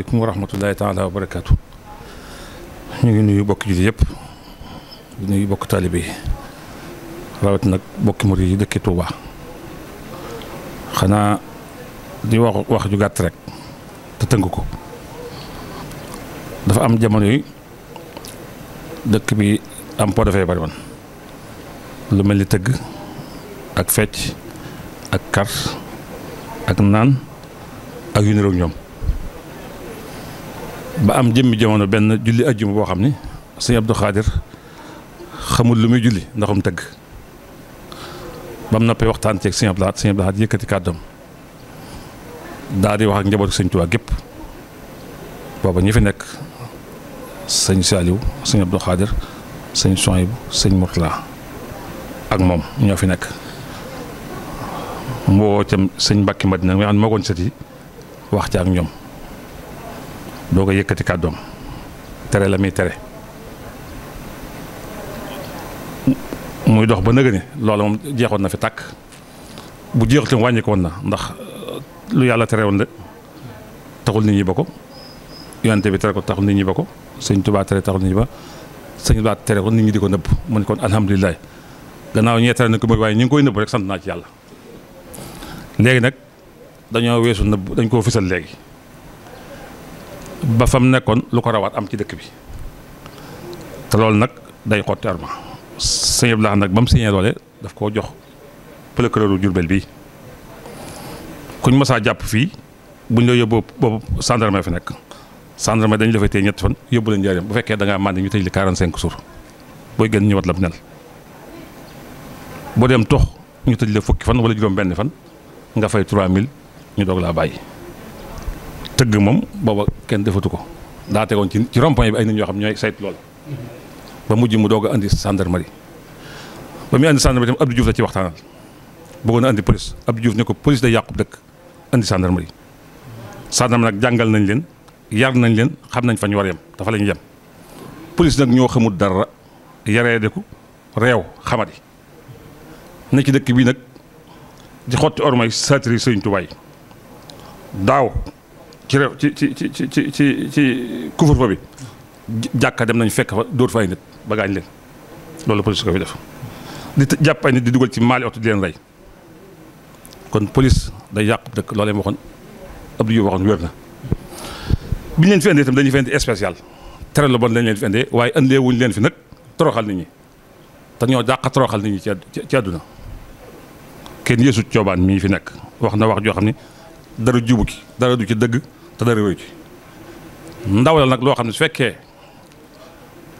asalaamaaleykum wa rahmatullahi taala wa barakaatu. ñu ngi nuyu bokki jullit yëpp di nuyu bokk taalibe yi rawat nag bokki murid yi dëkki Tuuba xanaa di wax wax ju gàtt rek te tënk ko dafa am jamono yi dëkk bi am po dafay bari lu mel ni tëgg ak fecc ak kar ak naan ak yu niroog ñoom ba am jëmmi jamono benn julli ajjuma boo xam ni sëñ Abdou Khadir xamul lu muy julli ndaxum tëgg ba mu noppee waxtaan ceeg sëñ Abdou Khadir sëñ Abdou Khadir yëkkati wax ak njabootu sëñ Tuubaa gépp booba ñi fi nekk sëñ Saliou sëñ Abdou Khadir sëñ Sohaybu sëñ Murtala ak moom ñoo fi nekk mu woo itam sëñ Mbàkke Madina nga xam ne moo koon sët yi wax ci ak ñoom doo ko yëkkati kàddoom tere la muy tere muy dox ba nëgë ni loola moom jeexoon na fi tàkk bu jeexutam wàññi ko woon na ndax lu yàlla tere woon de taxul nit ñi ba ko yonante bi tere ko taxul nit ñi ba ko sëñ Tuubaa tere taxul nit ñi sëñ Tuubaa tere ko nit ñi di ko nëbb mu ne kon alhamdulilah gannaaw ñee tere na ko bëgg waaye ñu ngi koy nëbb rek sant naa yàlla léegi nag dañoo weesu nëbb dañ koo fisal léegi ba fam nekkoon lu ko rawaat am ci dëkk bi te loolu nag day xotti arma sëñ Abdou Lahad nag ba mu signé daf koo jox procureur Jurbel bi kuñ mësaa jàpp fii bu buñ la yóbboo boobu gendarmerie fi nekk gendarmerie dañ la fay téye ñetti fan yóbbu la njaareem bu fekkee da ngaa màndi ñu tëj li 45 jours booy gën ñëwaat la bu nel boo dem tox ñu tëj la fukki fan wala juróom benn fan nga fay 3000 ñu doog laa bàyyi. tëgg moom booba kenn defatu ko daa tegoon ci ci rond bi ay nit ñoo xam ñooy sayt lool ba mujj mu doog a andi gendarmerie ba muy andi gendarmerie tam Abdou Diouf la ci waxtaanal bëggoon na andi police Abdou Diouf ne ko police day yàqu dëkk andi gendarmerie gendarmerie nag jàngal nañ leen yar nañ leen xam nañ fa ñu war a dafa la ñuy yem police nag ñoo xamul dara yaree deku réew xamadi ne ci dëkk bii nag di xotti ormay satiri Sëriñ Tuubaa daaw ci réew ci ci ci ci ci ci ci couvre-feu nañ fekk dóor fa ay nit ba di jàpp ay di dugal ci maali oto kon police day yàqu dëkk loolu leen waxoon Abdou na bi ñu leen fi indee itam dañuy tere lu bon lañ leen waaye indee leen fi nag toroxal nit ñi te ñoo jàq toroxal nit ci àdduna kenn yéesu coobaan mii fi nekk wax na wax joo xam ni dara jubu ki dara du ci dëgg te dara ci ndaw la nag loo xam ne su fekkee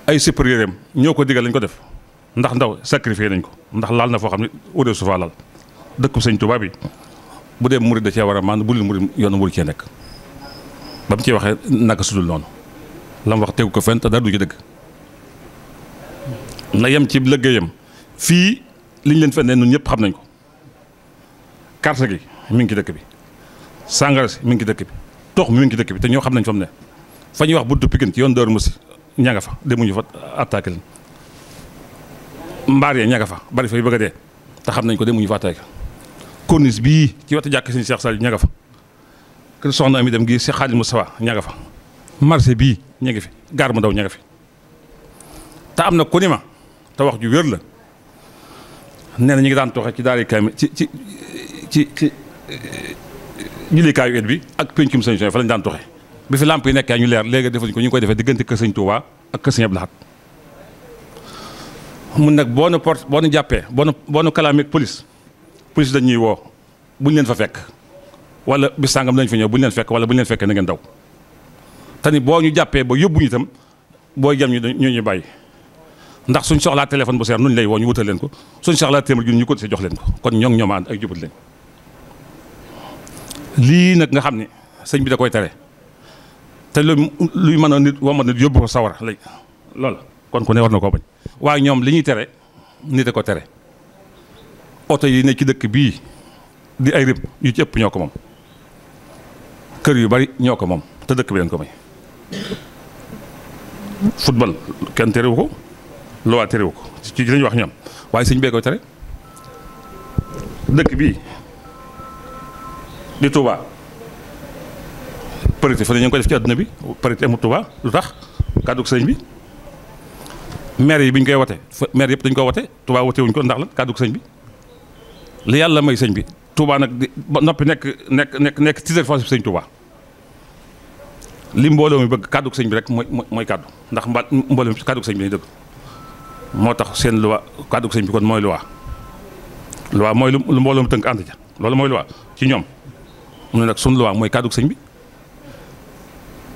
ay supérieur am ñoo ko digal lañ ko def ndax ndaw sacrifié nañ ko ndax laal na foo xam ne au su faa laal dëkku sëñ Tuubaa bi bu dee murid da cee war a maan bu dul murid yoonu murid cee nekk ba mu ciy waxee naka sudul noonu la wax tegu ko fenn du ci dëgg na yem ci liggéeyam fii liñ leen fenn ne ñun ñëpp xam nañ ko carte gi mi ngi ci dëkk bi sàngara si mi ngi ci dëkk bi. toox mi ngi ci dëkk bi te ñoo xam nañ fa ne fa ñuy wax buntu Pikine ci yoon Daaru Musi ña nga fa de demuñu fa attaqué leen mbaar ya ña fa bari fa yu bëgg dee te xam nañ ko demuñu fa attaqué corniche bii ci wetu jàkk Sëñ Cheikh Sall ña nga fa kër soxna Ami dem ngi si Xaadim mu ña nga fa marché bii ña ngi fi gaar mu ndaw ña fi te am na ku ma te wax ju wér la nee na ñu ngi daan tooxee ci daari kaamil ci ci ci ci ñu likaayu et bi ak pencum sëñ Soy fa lañ daan toxe bi fi lamp yi nekkee ñu leer léegi defuñ ko ñu ngi koy defee diggante kër sëñ Touba ak kër sëñ mun nag boo nu porte boo nu jàppee boo nu boo nu kalaamee police police dañuy ñuy woo buñ leen fa fekk wala bis sàngam dañ fa ñëw buñ leen fekk wala buñ leen fekkee na ngeen daw te ni boo ñu jàppee ba yóbbuñu itam booy jam ñu ñu ñu bàyyi ndax suñ soxlaa téléphone bu seer nuñ lay woo ñu wutal leen ko suñ soxlaa ñu ko si jox leen kon ñoo ngi ay jubut lañ lii nag nga xam ne sëñ bi da koy tere te lu luy mën a nit womat nit yóbbu ko sawara lay lool kon ku ne war na koo bañ waaye ñoom li ñuy tere nit a ko tere oto yi ne ci dëkk bii di ay rib yu ci ñoo ko moom kër yu bari ñoo ko moom te dëkk bi leen ko may football kenn terewu ko lowaa terewu ko ci lañuy wax ñoom waaye sëñ bee koy tere dëkk bii di Touba parité fa ne ñu ngi ko def ci àdduna bi parité amul Touba lu tax kàddu sëñ bi maire yi bi ñu koy wote maire yëpp dañ ko wote Touba wote wuñ ko ndax la kàddu sëñ bi li yàlla may sëñ bi Touba nag di noppi nekk nekk nekk nekk titre foncier bi li mbooloo mi bëgg kàddu sëñ bi rek mooy mooy kàddu ndax mba mbooloo mi kàddu sëñ bi lañu dëgg moo tax seen luwa kàddu sëñ bi kon mooy luwa luwa mooy lu mbooloo mi tënk ànd ja loolu mooy luwa ci ñoom mu ne nag sunu loi mooy kàddu sëñ bi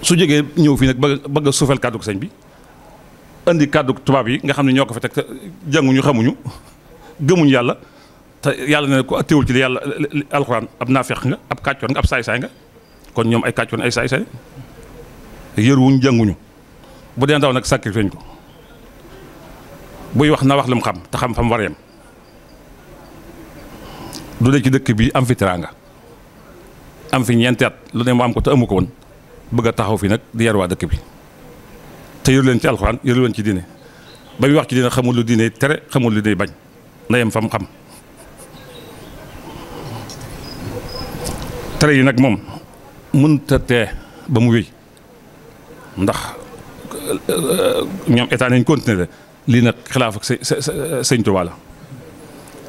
su jógee ñëw fii nag bëgg bëgg a suufal kàddu sëñ bi indi kàddu tubaab yi nga xam ne ñoo ko fa teg te jànguñu xamuñu gëmuñu yàlla te yàlla ne ko attéwul ci li yàlla alxuraan ab naafeq nga ab kàccoon nga ab saay-saay nga kon ñoom ay kàccoon ay saay-saay yëruwuñ jànguñu bu dee ndaw nag sacrifice ko buy wax na wax lu xam te xam fa war a yem du dee ci dëkk bi am fi am fi ñeenti at lu ne am ko te amu ko woon bëgg a taxaw fi nag di waa dëkk bi te yor leen ci alxuraan yor leen ci diine ba wax ci diine xamul lu diine xamul lu diine bañ fam xam tere yi nag moom mënta tee ba mu wéy ndax euh, ñoom état nañ continuer lii nag xilaaf ak sëñ Tuubaa la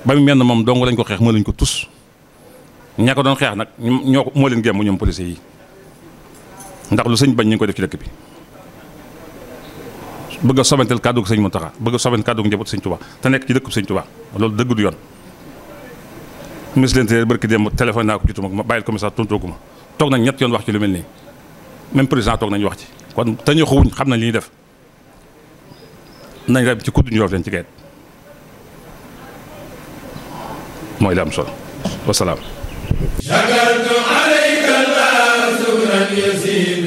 ba mu mel moom dong lañ ko xeex mënuñ ko tus ña doon xeex nag ñoo ko moo leen gémm ñoom police yi ndax lu sëñ bañ ñu ngi ko def ci dëkk bi bëgg a sobantel sañ sëñ Muntaxa bëgg a sobantel kàddu njaboot sëñ Tuubaa te nekk ci dëkk sëñ Tuubaa loolu dëgg du yoon ministre de l'Intérieur barki démb téléphone naa ko ci tuma ma bàyyil commissaire tontoogu ma toog nañ ñett yoon wax ci lu mel nii même président toog nañu wax ci kon te ñu xawuñ xam nañ li ñuy def nañ rab ci kudd ñu roof leen ci gayet mooy la am shakartu alayka la shukran yasiran